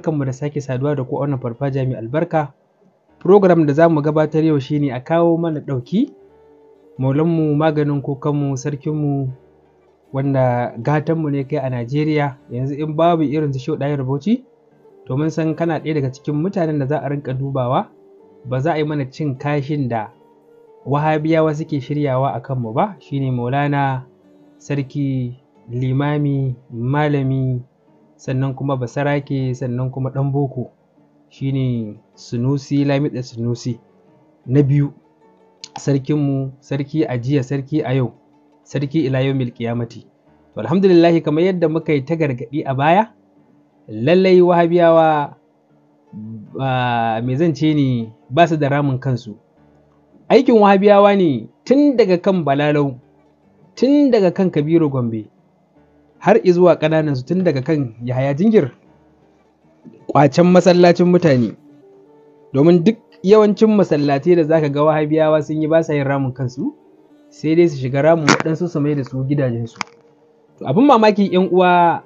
barkanmu da sake saduwa da ku a wannan farfajiya mai albarka program da za mu gabatar yau shine a kawo mana ɗauki maulanmu maganin kukanmu sarkinmu wanda gatanmu ne kai a najeriya yanzu in babu irin su shau ɗayar bauchi to mun san kana ɗaya daga cikin mutanen da za a rinka dubawa ba za a yi mana cin kashin da wahabiyawa suke shiryawa a kanmu ba shine maulana sarki limami malami sannan kuma basarake sannan kuma ɗan boko shine sunusi lamida sunusi na biyu sarkinmu sarki a jiya sarki a yau sarki ila yau milkiyamati to alhamdulillah kamar yadda muka yi ta gargaɗi a baya lallai wahabiyawa me zan ce ne ba su da ramin kansu aikin wahabiyawa ne tun daga kan balalau tun daga kan kabiru gombe har izuwa ƙananan su tun daga kan yahaya jingir ƙwacen masallacin mutane domin duk yawancin masallatai da zaka ga wahabiyawa sun yi ba sa yin ramin kansu sai dai su shiga ramin waɗansu su mai da su gidajensu to abin mamaki yan uwa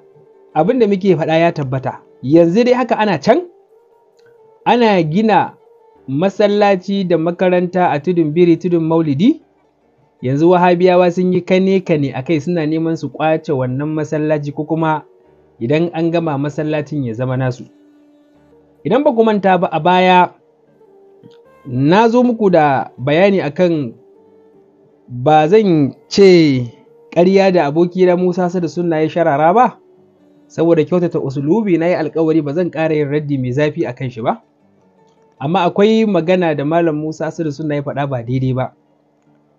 abin da muke faɗa ya tabbata yanzu dai haka ana can ana gina masallaci da makaranta a tudun biri tudun maulidi yanzu wahabiyawa sun yi kane-kane a kai suna neman su kwace wannan masallaci ko kuma idan an gama masallacin ya zama nasu idan ba ku manta ba a baya na zo muku da bayani akan ba zan ce ƙarya da abokina musa da sunna ya sharara ba saboda kyautata usulubi na yi alkawari ba zan ƙara yin raddi mai zafi a kan shi ba amma akwai magana da malam musa da sunna ya faɗa ba daidai ba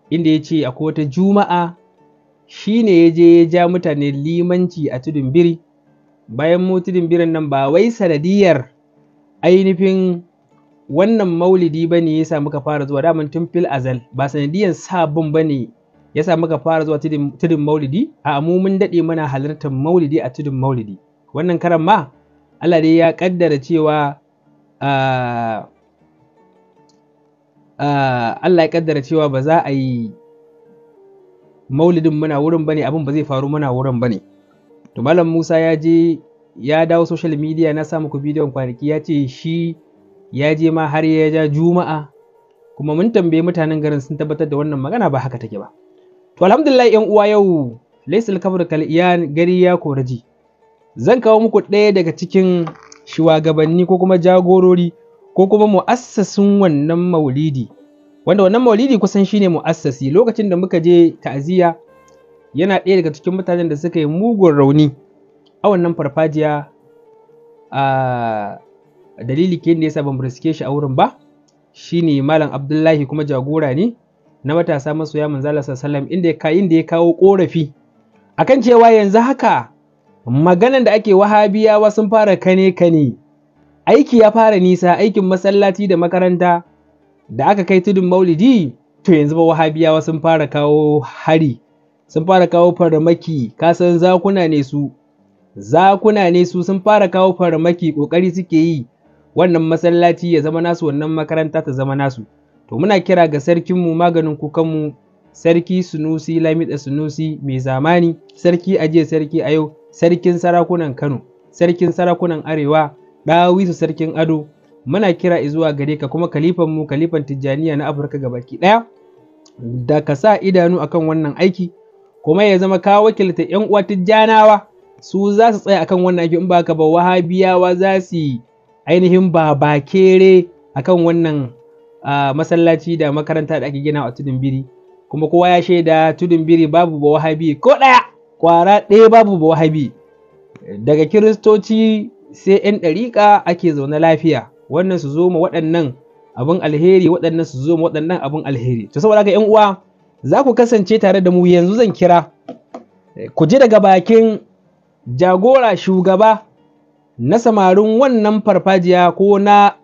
inda ya ce akwai wata juma'a shi ne ya je ya ja mutane limanci a tudun biri bayan mu tudun birin nan ba wai sanadiyar ainihin wannan maulidi ba ne ya sa muka fara zuwa daman tun fil azal ba sanadiyar sabon ba ne ya sa muka fara zuwa tudun maulidi a mu mun daɗe mana halartar maulidi a tudun maulidi wannan karan ma Allah dai ya kaddara cewa ah, Ah, Allah ya kaddara cewa ba za a yi maulidin muna wurin bane abin ba zai faru muna wurin bane to malam Musa ya je ya dawo social media na sa muku bidiyon kwanaki ya ce shi ya je ma har ya ja juma'a kuma mun tambaye mutanen garin sun tabbatar da wannan magana ba haka take ba to alhamdulillah yan uwa yau laisal kabr kal gari ya koraji zan kawo muku ɗaya daga cikin shuwagabanni ko kuma jagorori ko kuma mu'assasin wannan maulidi wanda wannan maulidi kusan shine mu'assasi lokacin da muka je ta'aziyya yana ɗaya daga cikin mutanen da suka yi mugun rauni a wannan farfajiya a dalili ke da yasa ban riske shi a wurin ba shine malam abdullahi kuma jagora ne na matasa masoya manzala sallam inda ya kayin da ya kawo korafi akan cewa yanzu haka maganan da ake wahabiyawa sun fara kane kane aiki ya fara nisa aikin masallaci da makaranta da aka kai tudun maulidi to yanzu ba wahabiyawa sun fara kawo hari sun fara kawo farmaki kasan zakuna ne su zakuna ne su sun fara kawo farmaki kokari suke yi wannan masallaci ya zama nasu wannan makaranta ta zama nasu to muna kira ga sarkinmu maganin kukanmu sarki sunusi lamida sunusi mai zamani sarki ajiye sarki a yau sarkin sarakunan kano sarkin sarakunan arewa ɗawisu sarkin ado muna kira zuwa gare ka kuma kalifan mu kalifan tijjaniya na afirka gabaki ɗaya da ka sa idanu akan wannan aiki kuma ya zama ka wakilta yan uwa tijjanawa su za su tsaya akan wannan aiki in ba ka ba wahabiyawa za su yi ainihin babakere akan wannan masallaci da makaranta da ake gina a tudun biri kuma kowa ya shaida tudun biri babu ba wahabi ko ɗaya kwara ɗaya babu ba wahabi daga kiristoci sai 'yan ɗariƙa ake zaune lafiya wannan su zo ma waɗannan abin alheri waɗannan su zo ma waɗannan abin alheri to saboda haka 'yan uwa za ku kasance tare da mu yanzu zan kira eh, ku ji daga bakin jagora shugaba na samarin wannan farfajiya ko na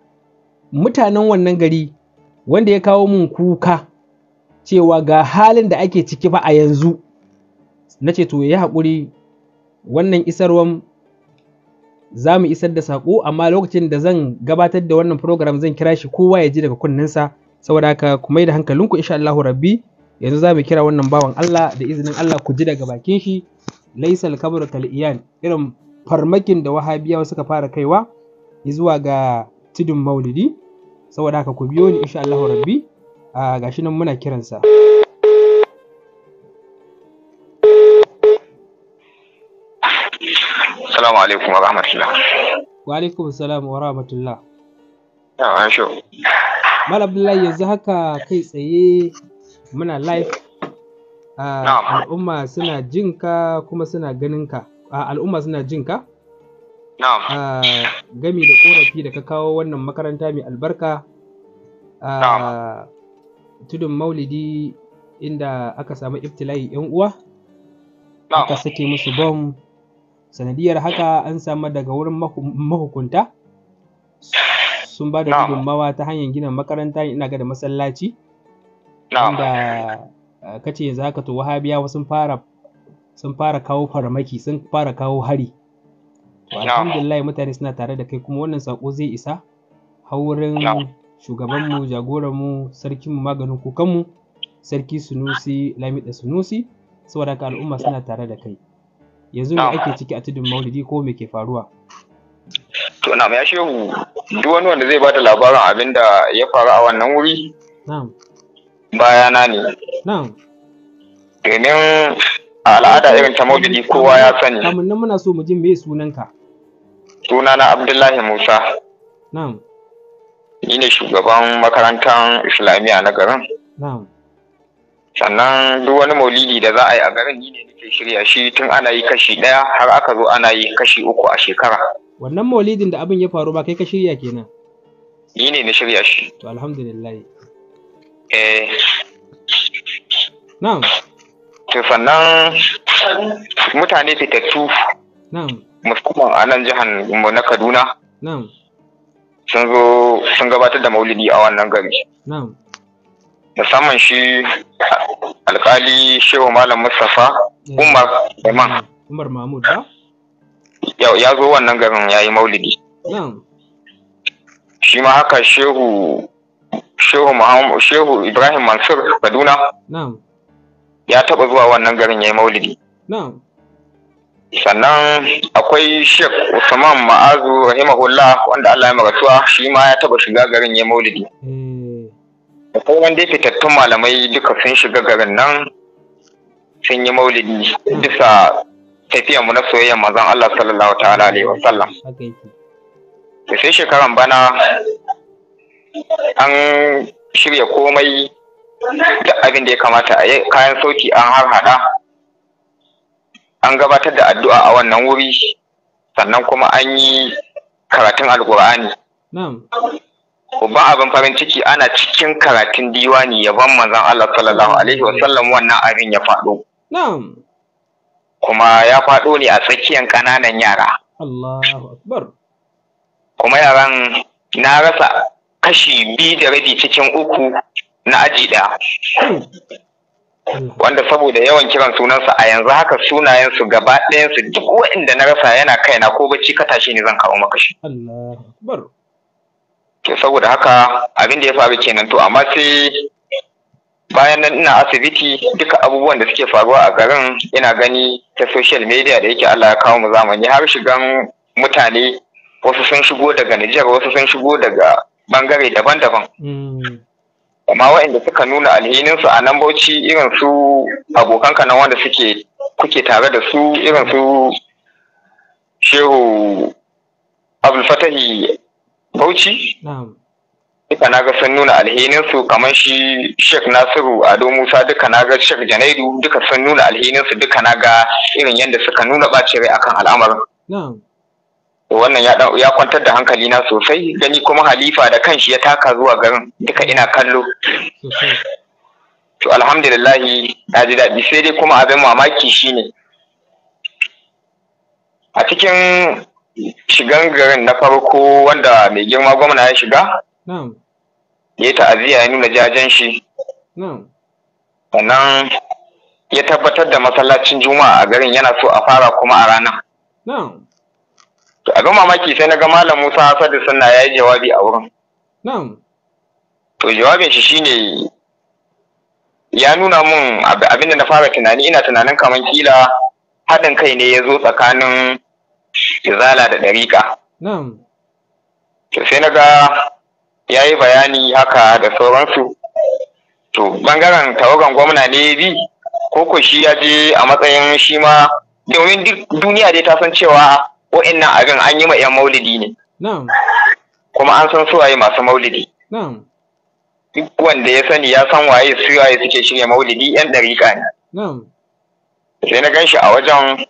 mutanen wannan gari wanda ya kawo mun kuka cewa ga halin da ake ciki ba a yanzu na ce to ya yi haƙuri wannan isarwan za mu isar da saƙo amma lokacin da zan gabatar da wannan program zan kira shi kowa ya ji daga kunninsa saboda haka ku mai da hankalinku insha Allahu rabbi yanzu za mu kira wannan bawan Allah da izinin Allah ku ji daga bakin shi laisal kabru kal iyan irin farmakin da wahabiyawa suka fara kaiwa zuwa ga tudun maulidi saboda haka ku biyo ni insha Allahu rabbi ah, gashi nan muna kiransa. Assalamu alaikum wa rahmatullah. Wa alaikum salam wa rahmatullah. Yawa an sho. Mal Abdullahi yanzu haka kai tsaye muna live. Al'umma suna jin ka kuma suna ganin ka. Al'umma suna jin ka? Gami da korafi da ka kawo wannan makaranta mai albarka. Tudun maulidi inda aka samu iftila'i 'yan uwa. Aka sake musu bom sanadiyar haka an samu daga wurin mahukunta sun ba da gudunmawa ta hanyar gina makaranta ina ga da masallaci wanda kace yanzu haka to wahabiyawa sun fara sun fara kawo farmaki sun fara kawo hari alhamdulillah mutane suna tare da kai kuma wannan sako zai isa haurin shugabanmu jagoranmu sarkinmu maganin kukanmu sarki sunusi lamida sunusi saboda haka al'umma suna tare da kai yanzu me ake ciki a tudun maulidi ko me ke faruwa to na ya shehu duk wani wanda zai bada labarin abin da ya faru a wannan wuri bayana ne domin al'ada irin ta maulidi kowa ya sani kamun nan muna so mu ji me sunanka na abdullahi musa na'am ni ne shugaban makarantar islamiyya na garin na'am sannan duk wani maulidi da za a yi a garin ni ne nake shirya shi tun ana yi kashi ɗaya har aka zo ana yi kashi uku a shekara wannan maulidin da abin ya faru ba kai ka shirya kenan ni ne na shirya shi to alhamdulillah eh na'am to sannan mutane fitattu na'am musamman a nan jihar na Kaduna na'am sun zo sun gabatar da maulidi a wannan gari na'am musamman shi alkali shehu malam mustapha umar imam umar mahmud ba ya zo wannan garin ya yi maulidi shi ma haka shehu shehu ibrahim mansur kaduna ya taba zuwa wannan garin ya yi maulidi sannan akwai sheikh usman ma'azu rahimahullah wanda allah ya marasuwa shi ma ya taba shiga garin ya yi maulidi eh. da wanda fitattun malamai duka sun shiga garin nan sun yi maulidi bisa tafiyar mu na soyayyar mazan Allah sallallahu ta'ala alaihi wa sallam to sai shekaran bana an shirya komai da abin da ya kamata a kayan sauti an harhaɗa an gabatar da addu'a a wannan wuri sannan kuma an yi karatun alkur'ani ba abin farin ciki ana cikin karatun diwani yaban manzon Allah sallallahu alaihi wasallam wannan abin ya faɗo. Kuma ya faɗo ne a tsakiyar ƙananan yara. Kuma yaran na rasa kashi biyu da rabi cikin uku na aji ɗaya. Hmm. Wanda saboda yawan kiran sunansa a yanzu haka sunayensu gaba ɗayansu duk wa'inda na rasa yana kaina ko bacci ka tashi ne zan kawo maka shi. to saboda haka abin da ya faru kenan to amma sai bayan nan ina asibiti duka abubuwan da suke faruwa a garin ina gani ta social media da yake Allah ya kawo mu zamani har shigan mutane wasu sun shigo daga Nijar wasu sun shigo daga bangare daban-daban mm. amma waɗanda suka nuna alhininsu a nan bauchi irin su abokan na wanda suke kuke tare da su irin su shehu fatahi. Bauchi? Na'am. Duka na ga sun nuna alhininsu kamar shi Sheikh Nasiru Ado Musa duka na ga Sheikh Janairu duka sun nuna alhininsu duka na ga irin yadda suka nuna ɓace rai akan al'amarin. Na'am. wannan ya kwantar da hankali na sosai gani kuma halifa da kanshi ya taka zuwa garin duka ina kallo to alhamdulillahi na ji daɗi sai dai kuma abin mamaki shine a cikin shigan garin na farko wanda mai girma gwamna ya shiga ya yi ta'aziyya ya nuna jajen shi sannan ya tabbatar da masallacin juma'a a garin yana so a fara kuma a ranar abin mamaki sai na ga malam musa asadu suna ya yi jawabi a wurin to jawabin shi shine ya nuna mun abin da na fara tunani ina tunanin kamar kila haɗin kai ne ya zo tsakanin izala da ɗariƙa. sai na ga ya yi bayani haka da sauransu. To ɓangaren tawagan gwamna ne bi Koko shi ya je a matsayin shi ma domin duniya dai ta san cewa wa'annan abin an yi ma 'yan maulidi ne. Kuma an san suwaye masu maulidi. Duk wanda ya sani ya san waye suwaye suke shirya maulidi 'yan ɗariƙa ne. Sai na gan shi a wajen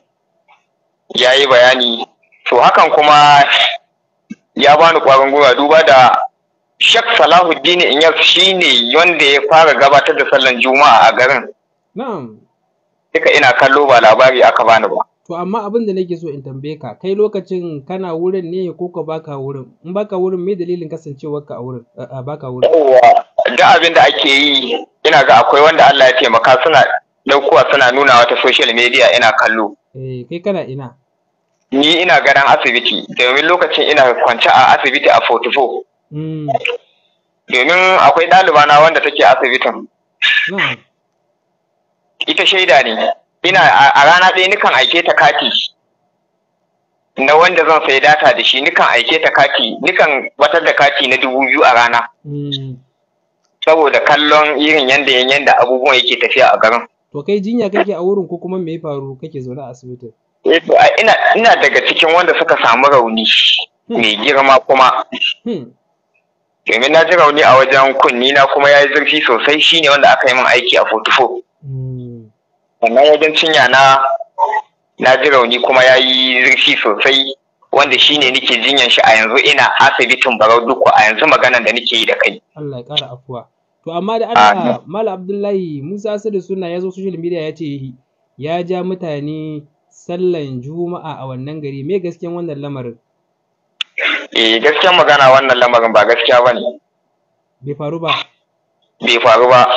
ya yi bayani to hakan kuma ya bani kwarin gwiwa duba da Sheikh Salahuddin Inyas ne wanda ya fara gabatar da sallan Juma'a a garin. Duka ina kallo ba labari aka bani ba. To amma abin da nake so in tambaye ka, kai lokacin kana wurin ne ko ka baka wurin? In baka wurin me dalilin kasancewar ka a wurin? A baka wurin. Yawwa, duk abin da ake yi ina ga akwai wanda Allah ya taimaka suna daukowa suna nuna wata social media ina kallo. Eh, kai kana ina? ni ina ganin asibiti domin lokacin ina kwance a asibiti a 44 hmm. domin akwai ɗalibana wanda take asibitin hmm. ita shaida ne ina a rana ɗaya nukan aike ta kati na wanda zan sai data da shi nikan aike ta kati nikan batar da kati na dubu biyu a rana hmm. saboda kallon irin yanda yanda abubuwan yake tafiya a garin to kai jinya kake a wurin ko kuma me ya faru kake zaune a asibitin Eh, ina ina daga cikin wanda suka samu rauni hmm. mai girma kuma hmm. domin na ji rauni a wajen kunni na kuma ya yi zurfi sosai shine wanda aka yi min aiki a 44 hmm. sannan wajen cinya na na ji rauni kuma ya yi zurfi sosai wanda shine nake jinyan shi a yanzu ina asibitin barau duku a yanzu maganan da nake yi da kai Allah ya kara afuwa to amma da Allah Malam Abdullahi Musa Sadu suna ya zo social media ya ce ya ja mutane sallan juma'a a wannan gari me gaskiyan wannan lamarin eh gaskiyan magana wannan lamarin ba gaskiya ne. bai faru ba bai faru ba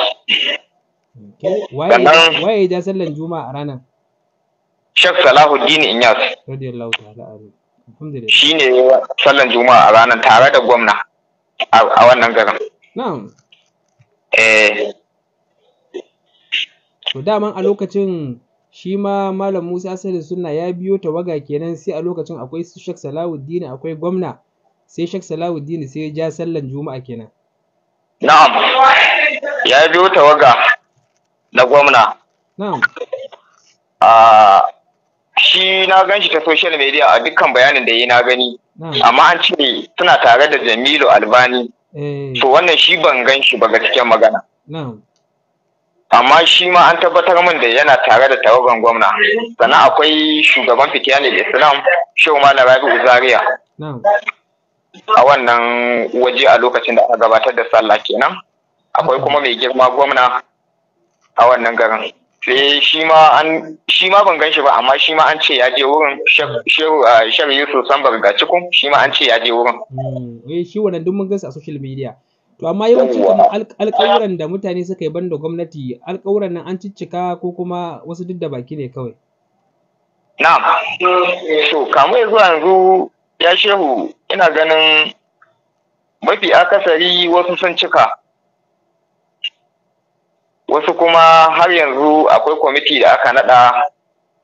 waye ya ja sallan juma'a a ranar Sheikh Salahuddin Inyas radiyallahu ta'ala alhamdulillah shine sallan juma'a a ranar tare da gwamna a wannan garin na'am eh to daman a lokacin shi ma Malam Musa asali Sunna ya biyo tawaga kenan sai a lokacin akwai su Sheikh Salahuddin akwai gwamna sai shek salawuddin sai ya ja sallan Juma'a kenan. Na'am. Ya biyo tawaga na gwamna. Na'am. A shi na gan shi ta social media a dukkan bayanin da yi na gani. Amma an ce suna tare da Jamilu Albani. To eh. wannan shi ban gan shi ba cikin magana. Na'am. amma shi ma an tabbatar min da yana tare da tawagan gwamna sannan akwai shugaban fitiyanin islam shehu ma na rabi'u zaria a wannan waje a lokacin da aka gabatar da sallah kenan akwai kuma mai girma gwamna a wannan garin sai shi ma an shi ma ban gan shi ba amma shi ma an ce ya je wurin shehu ah, yusuf sambar ga kun shi ma an ce ya je wurin hmm. eh shi wannan duk mun gansa a social media To amma yawanci kamar alƙawuran da mutane suka yi banda gwamnati alƙawuran nan an ciccika ko kuma wasu duk da baki ne kawai. Na'am. To kamar yanzu yanzu ya shehu ina ganin mafi akasari wasu sun cika. Wasu kuma har yanzu akwai kwamiti da aka naɗa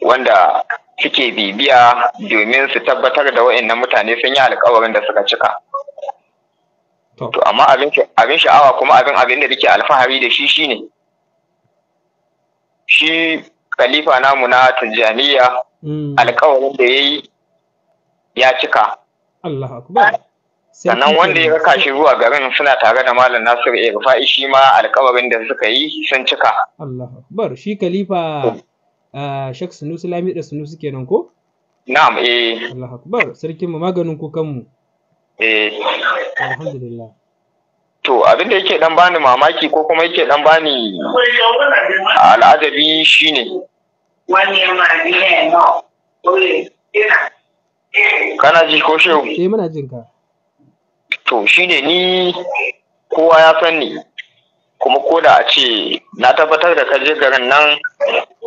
wanda suke bibiya domin su tabbatar da wa'annan mutane sun yi alkawarin da suka cika. To amma abin sha'awa kuma abin abin da suke alfahari da shi shine shi khalifa namu na Tijjaniya, hmm. alkawarin da yayi ya cika. Allah akbar. Sannan wanda ya raka shi zuwa garin suna tare da Malam Nasiru ya rufa'i shi ma alkawarin da suka yi sun cika. Allah akbar shi khalifa hmm. ah, Shek Sunusi Lami da Sunusi kenan ko? Na'am eh. Allah akbar sarkin mu maganin ku kanmu. Eh. to abin da yake dan bani mamaki ko kuma yake dan bani al'adabi shine eh. kana ji ko shehu eh, muna to shine ni kowa ya san ni kuma ko da a ce na tabbatar da ka je garin nan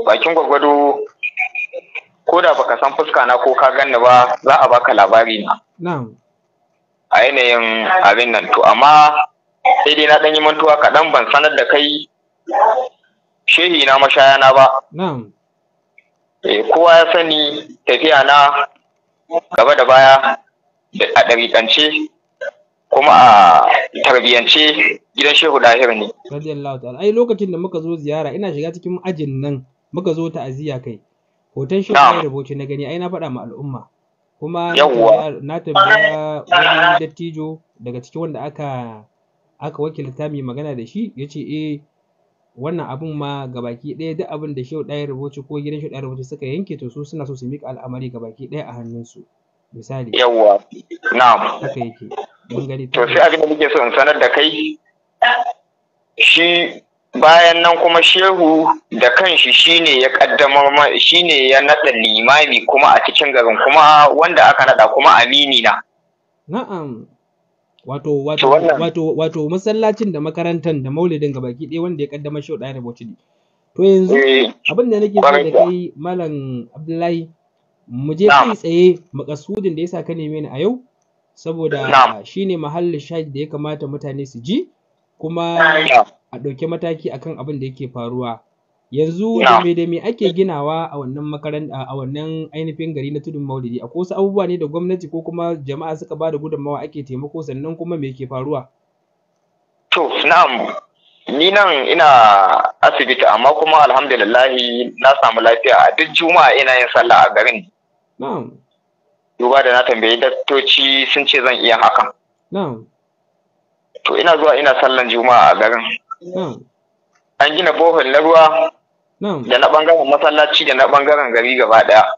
bakin gwagwado ko da baka san fuska na ko ka ganni ba za a baka labari na na'am a yanayin abin nan to amma sai dai na ɗan yi mantuwa kaɗan ban sanar da kai shehi na mashayana ba. Eh, kowa ya sani tafiya na gaba da baya a ɗariƙance kuma a tarbiyyance gidan shehu dahir ne. Ai lokacin da muka zo ziyara ina shiga cikin ajin nan muka zo ta'aziyya kai. Hoton shehu ya rubuce na gani ai na faɗa ma al'umma. kuma na tambaya wani dattijo daga cikin wanda aka aka wakilta mai magana da shi ya ce eh wannan abun ma gabaki ɗaya duk abin da shehu ɗaya rubuci ko gidan shehu ɗaya rubuci suka yanke to su suna so su miƙa al'amari gabaki ɗaya a hannunsu misali yawwa na'am haka yake to sai abin da nake so in sanar da kai shi bayan nan kuma shehu da kanshi shine ya kaddamar shine ya nada limami kuma a cikin garin kuma wanda aka nada kuma amini na na'am wato wato wato wato masallacin da makarantar da maulidin baki ɗaya wanda ya kaddamar shehu ɗaya da bocidi to yanzu eh, abin da nake so da kai malam abdullahi mu je kai tsaye makasudin da yasa ka neme ni a yau saboda shine mahallin shaji da ya kamata mutane su ji kuma a ɗauki mataki akan abin da yake faruwa yanzu da me da me ake ginawa a wannan makaranta a wannan ainihin gari na tudun maulidi akwai wasu abubuwa ne da gwamnati ko kuma jama'a suka ba da gudunmawa ake taimako sannan kuma me ke faruwa to na'am ni nan ina asibiti amma kuma alhamdulillahi na samu lafiya a duk juma'a ina yin sallah a garin na'am duba da na tambayi daktoci sun ce zan iya hakan na'am to ina zuwa ina sallan juma'a a garin An gina bohol na ruwa da na ɓangaren masallaci da na ɓangaren gari gaba ɗaya.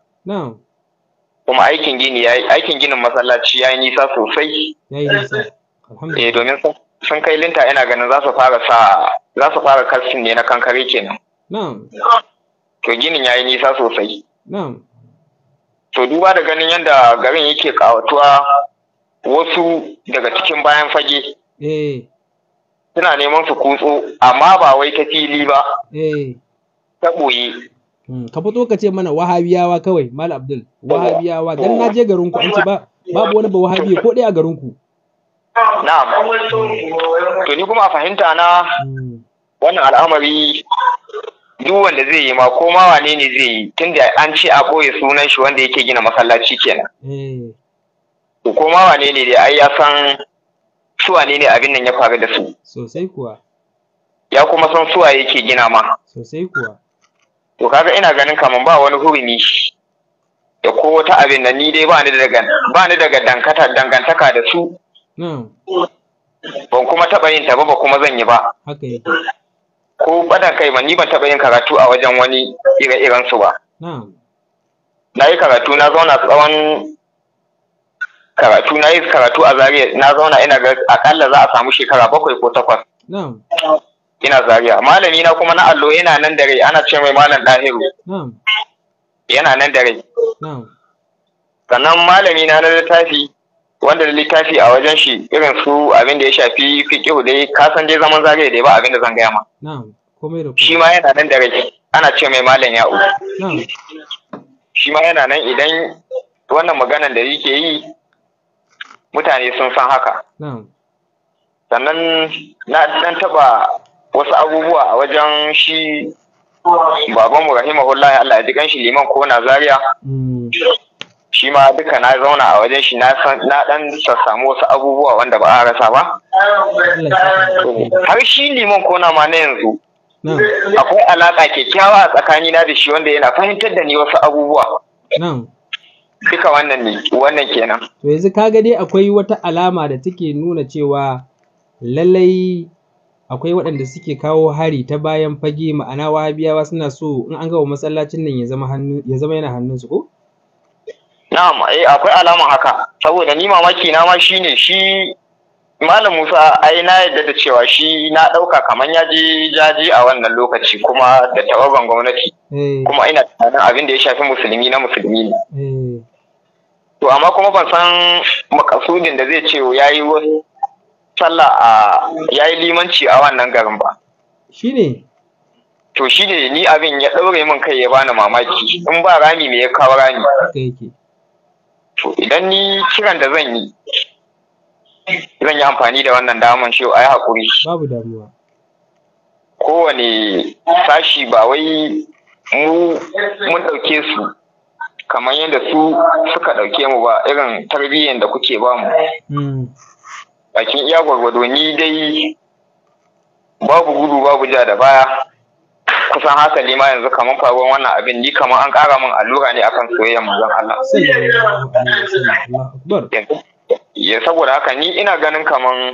Kuma aikin gini ya aikin ginin masallaci ya yi nisa sosai. Eh domin sun kai linta ina ganin za su fara sa za su fara kalsin ne na kankare kenan. To ginin ya yi nisa sosai. To duba da ganin yadda garin yake kawatuwa wasu daga cikin bayan fage. Eh. suna neman su kutso amma ba wai ta fili ba eh. ta ɓoye hmm, ka fito ka ce mana wahabiyawa kawai mal abdul wahabiyawa dan na je garin ku an ba babu wani ba wahabi ko ɗaya a garin ku na'am to ni kuma a fahimta na hmm. wannan al'amari duk wanda zai yi ma ko ma wane ne zai yi tunda an ce a ɓoye sunan shi wanda yake gina masallaci kenan eh. ko ma wane ne dai ai ya san suwane ne abin nan ya faru da su sosai kuwa ya kuma san suwa yake gina ma sosai kuwa to kaga ina ganin kaman ba wani hurumi da ko wata abin da ni dai ba ni daga ba ni daga dankata dangantaka da su ban kuma taɓa yin ta ba ba kuma zan yi ba ko badan kai ma ni ban taɓa yin karatu a wajen wani ire-iren su ba na yi karatu na zauna tsawon karatu na yi karatu a Zariya na zauna ina ga akalla za a samu shekara bakwai ko takwas. Ina Zariya. Malami na kuma na allo yana nan da rai ana ce mai malam ɗahiru. Yana nan da rai. Sannan malami na na littafi wanda da littafi a wajen shi irin su abin da ya shafi fiƙihu dai ka san dai zaman Zariya dai ba abin da zan gaya ma. Shi ma yana nan da rai ana ce mai malam ya'u. Shi ma yana nan idan wannan maganan da yake yi mutane sun san haka sannan na ɗan taɓa wasu abubuwa a wajen shi babanmu rahimahullah Allah ya ji shi liman ko na zaria mm. shi ma duka na zauna a wajen shi na ɗan sassamu wasu abubuwa wanda ba a rasa ba har shi liman kona ma na yanzu akwai alaƙa kyakkyawa a tsakani na da shi wanda yana fahimtar da ni wasu abubuwa duka wannan ne wannan kenan to yanzu kaga ga dai akwai wata alama da take nuna cewa lallai akwai waɗanda suke kawo hari ta bayan fage ma'ana wahabiyawa suna so in an gaba masallacin nan ya zama hannu ya zama yana hannun su ko na'am eh akwai alaman haka saboda ni mamaki na ma shine shi malam Musa ai na yadda da cewa shi na ɗauka kamar ya je jaji a wannan lokaci kuma da tawagan gwamnati eh. kuma ina tunanin abin da ya shafi musulmi na musulmi ne eh. to amma kuma ban san makasudin da zai ce ya yi sallah a ya yi limanci a wannan garin ba ne? to ne ni abin ya ɗaure min kai ya bani mamaki in ba rami me ya kawo rami to idan ni kiran da zan yi zan yi amfani da wannan daman shi a yi haƙuri babu damuwa kowane sashi ba wai mun ɗauke su kamar yadda su suka ɗauke mu ba irin tarbiyyar da kuke ba mu hmm. bakin iya gwargwado ni dai babu gudu babu ja da baya kusan haka ma yanzu kamar faruwar wannan abin ni kamar an ƙara min allura ne akan soyayyar manzon Allah ya saboda haka ni ina ganin kamar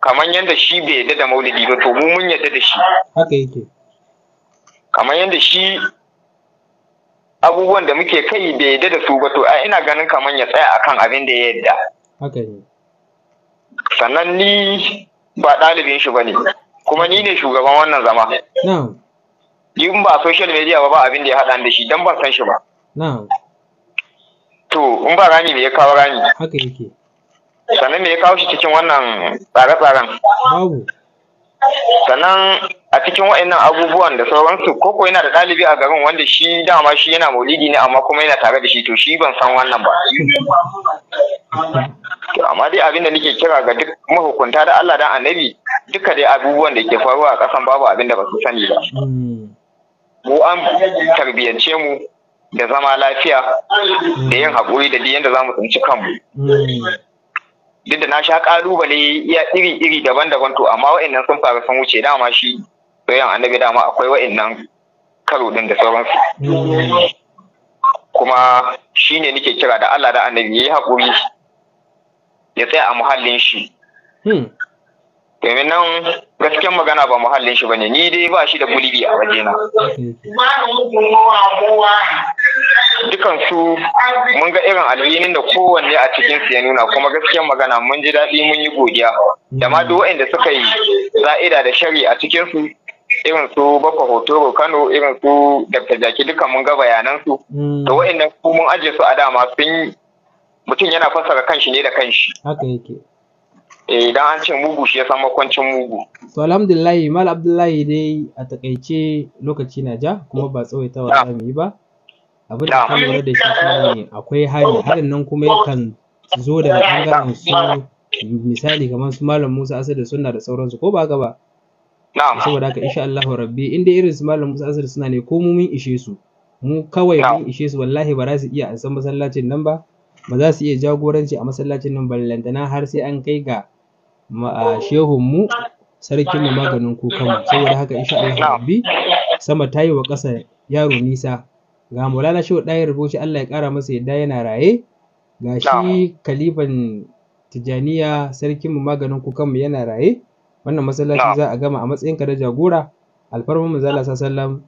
kamar yadda shi bai yadda da maulidi ba to mu mun yadda da shi Kamar yadda shi abubuwan da muke kai bai yadda da su ba to a ina ganin kamar ya tsaya akan abin da ya yadda sannan ni ba ɗalibin shi ba ne kuma ni ne shugaban wannan zama in ba social media ba ba abin da ya haɗa da shi don ban san shi ba to in ba rani me ya kawo rani sannan me ya kawo shi cikin wannan tsare-tsaren babu sannan a cikin wa'annan abubuwan da sauransu koko yana da ɗalibi a garin wanda shi dama shi yana maulidi ne amma kuma yana tare da shi to shi ban san wannan ba to amma dai abin da nake kira ga duk mahukunta da Allah dan annabi duka dai abubuwan da ke faruwa a ƙasan babu abin da ba su sani ba mu an tarbiyyance mu da zama lafiya da yin haƙuri da yadda za mu tsinci kanmu duk da na sha kalubale ya iri-iri daban-daban to amma wa'annan sun faru sun wuce dama shi doyan annabi dama akwai wa'annan karo din da sauransu kuma shi ne nake kira da Allah da annabi ya yi haƙuri ya tsaya a muhallin shi hmm. domin nan gaskiyar magana ba muhallin shi bane ni dai ba shi da gulbi a wajena dukan su mun ga irin alwinin da kowanne a cikin su ya nuna kuma gaskiyar magana mun ji daɗi mun yi godiya da ma duk waɗanda suka yi za'ida da shari a cikin su irin su bakwa hotoro kano irin su dr jaki dukan mun ga bayanan su mm. da waɗanda mun aje su a dama sun mutum yana fassara kanshi ne da kanshi Eh, idan an ce mugu shi ya san makwancin mugu. To alhamdulillahi mal abdullahi dai a takaice lokaci na ja kuma ba tsawaita wa yi ba. Abin da kan lura da shi shine akwai hari harin nan kuma yakan zo daga bangaren su misali kamar su malam Musa Asad da sunna da sauransu ko ba haka ba. Na'am. Saboda haka insha Allah rabbi in irin su malam Musa Asad suna ne ko mu mun ishe su. Mu kawai mun ishe su wallahi ba za su iya an san masallacin nan ba. Ba za su iya jagoranci a masallacin nan ballantana har sai an kai ga shehunmu sarkin mu maganin kukanmu saboda haka insha Allah rabbi sama ta yi wa ƙasa yaro nisa ga Maulana Shehu Ɗayar shi Allah ya ƙara masa yadda yana raye ga shi kalifan Tijaniya sarkin mu maganin kukanmu yana raye wannan masallaci za a gama a matsayin ka da jagora alfarmin manzala sallam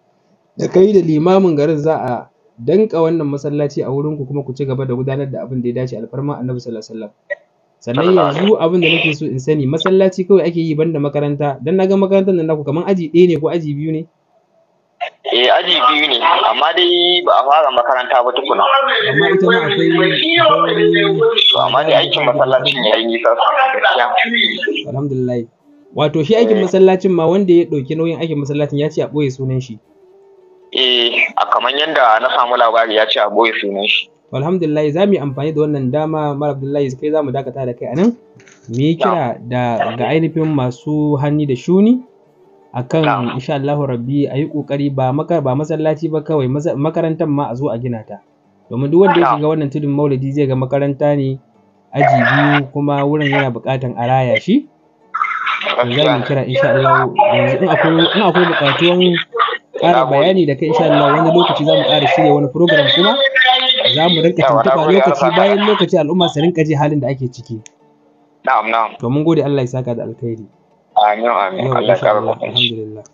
da kai da limamin garin za a danka wannan masallaci a wurinku kuma ku ci gaba da gudanar da abin da ya dace alfarma annabi sallallahu alaihi wasallam sannan yanzu abin da nake so in sani masallaci kawai ake yi banda makaranta dan naga makarantar nan naku kaman aji ɗaya ne ko aji biyu ne eh aji biyu ne amma dai ba a fara makaranta ba tukuna amma ita ma akwai ne amma dai aikin masallacin ya yi nisa alhamdulillah wato shi aikin eh. masallacin ma wanda ya dauki nauyin aikin masallacin ya ce a ɓoye sunan shi eh a kaman yanda na samu labari ya ce a ɓoye sunan shi alhamdulillah za mu yi amfani da wannan dama mara abdullahi kai za mu dakata da kai anan, nan mu yi kira da ga ainihin masu hannu da shuni akan insha Allah rabbi ayi yi kokari ba ba masallaci ba kawai makarantar ma a zo a gina ta domin duk wanda ya shiga wannan tudun maulidi zai ga makaranta ne aji biyu kuma wurin yana buƙatan a raya shi za mu kira insha Allah yanzu in akwai in akwai ƙara bayani da kai insha Allah wani lokaci za mu ƙara shirya wani program kuma za mu rinka tuntuɓa lokaci bayan lokaci al'umma su rinka ji halin da ake ciki na'am na'am to mun gode Allah ya saka da alkhairi amin amin Allah ya kara alhamdulillah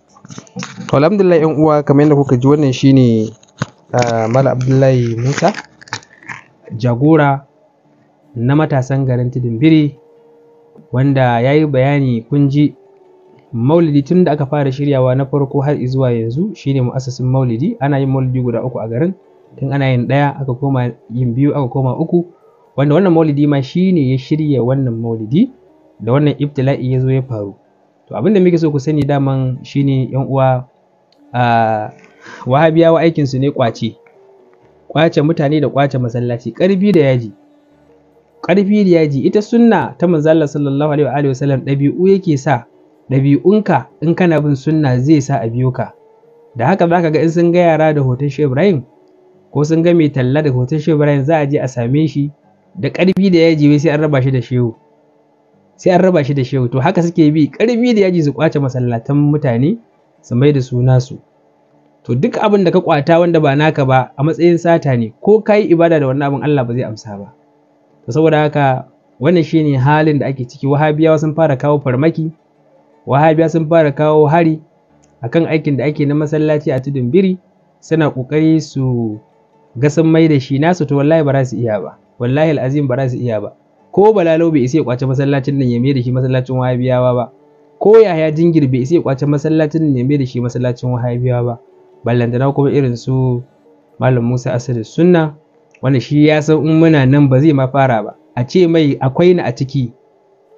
to alhamdulillah ƴan uwa kamar yadda kuka ji wannan shine ah, Mala Abdullahi Musa jagora na matasan garin Tudun Biri wanda ya yi bayani kun ji maulidi tun da aka fara shiryawa na farko har zuwa yanzu shine mu'assasin maulidi ana yin maulidi guda uku a garin tun ana yin ɗaya aka koma yin biyu aka koma uku wanda wannan maulidi ma shi ne ya shirya wannan maulidi da wannan ibtila'i ya zo ya faru to abin da muke so ku sani daman shine yan uwa a wahabiyawa aikin su ne kwace kwace mutane da kwace masallaci karfi da yaji karfi da yaji ita sunna ta manzo sallallahu alaihi wa sallam dabi'u yake sa ɗabi'unka in kana bin sunna zai sa a biyo ka da haka zaka ga in sun ga yara da hoton Shehu Ibrahim ko sun ga mai talla da hoton shehu ibrahim za a je a same shi da ƙarfi da yaji wai sai an raba shi da shehu sai an raba shi da shehu to haka suke bi karfi da yaji su kwace masallatan mutane su mai da su to duk abin da ka kwata wanda ba naka ba a matsayin sata ne ko ka ibada da wannan abin Allah ba zai amsa ba to saboda haka wannan shine halin da ake ciki wahabiyawa sun fara kawo farmaki wahabiya sun fara kawo hari akan aikin da ake na masallaci a tudun biri suna kokari su ga sun mai da shi nasu to wallahi ba za su iya ba wallahi al'azim ba za su iya ba ko balalo bai isa ya kwace masallacin nan ya mai da shi masallacin wahabiyawa ba ko yaya jingir bai isa ya kwace masallacin nan ya mai da shi masallacin wahabiyawa ba ballantana kuma irin su malam Musa Asadu Sunna wanda shi ya san in muna nan ba zai ma fara ba a ce mai akwai na a ciki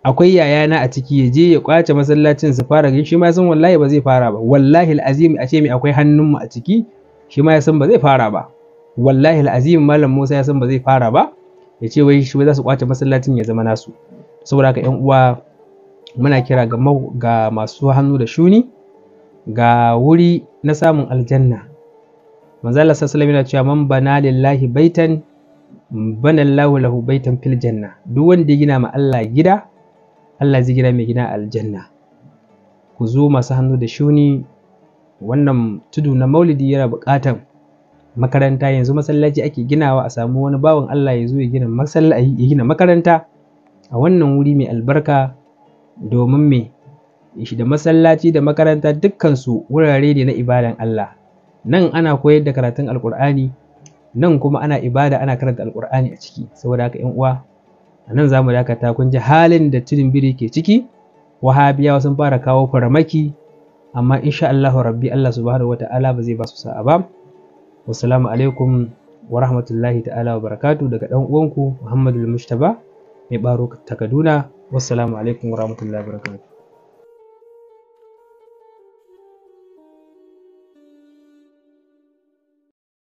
akwai yaya na a ciki ya je ya kwace masallacin su fara shi ma san wallahi ba zai fara ba wallahi al'azim a ce mai akwai hannunmu a ciki shi ma ya san ba zai fara ba wallahi al'azim malam Musa ya san ba zai fara ba ya ce wai shi za su kwace masallacin ya zama nasu saboda haka yan uwa muna kira ga ga masu hannu da shuni ga wuri na samun aljanna Allah sallallahu alaihi cewa man bana lillahi baitan bana Allahu lahu baitan fil janna duk wanda ya gina ma Allah gida Allah zai gina mai gina aljanna ku zo masu hannu da shuni wannan tudu na maulidi yana buƙatan makaranta yanzu masallaci ake ginawa a samu wani bawan Allah ya zo ya gina masallaci makaranta a wannan wuri mai albarka domin me shi da masallaci da makaranta dukkansu wurare ne na ibadan Allah nan ana koyar da karatun alkur'ani nan kuma ana ibada ana karanta alkur'ani a ciki saboda haka yan uwa a nan zamu dakata kun ji halin da tudun biri ke ciki wahabiyawa sun fara kawo faramaki amma insha Allah rabbi Allah subhanahu wataala ba zai ba su sa'a ba Wassalamu alaikum wa rahmatullahi ta'ala wa barakatu daga dan uwanku Muhammadu Mustaba mai baro ta Kaduna. Wassalamu alaikum wa rahmatullahi wa barakatu.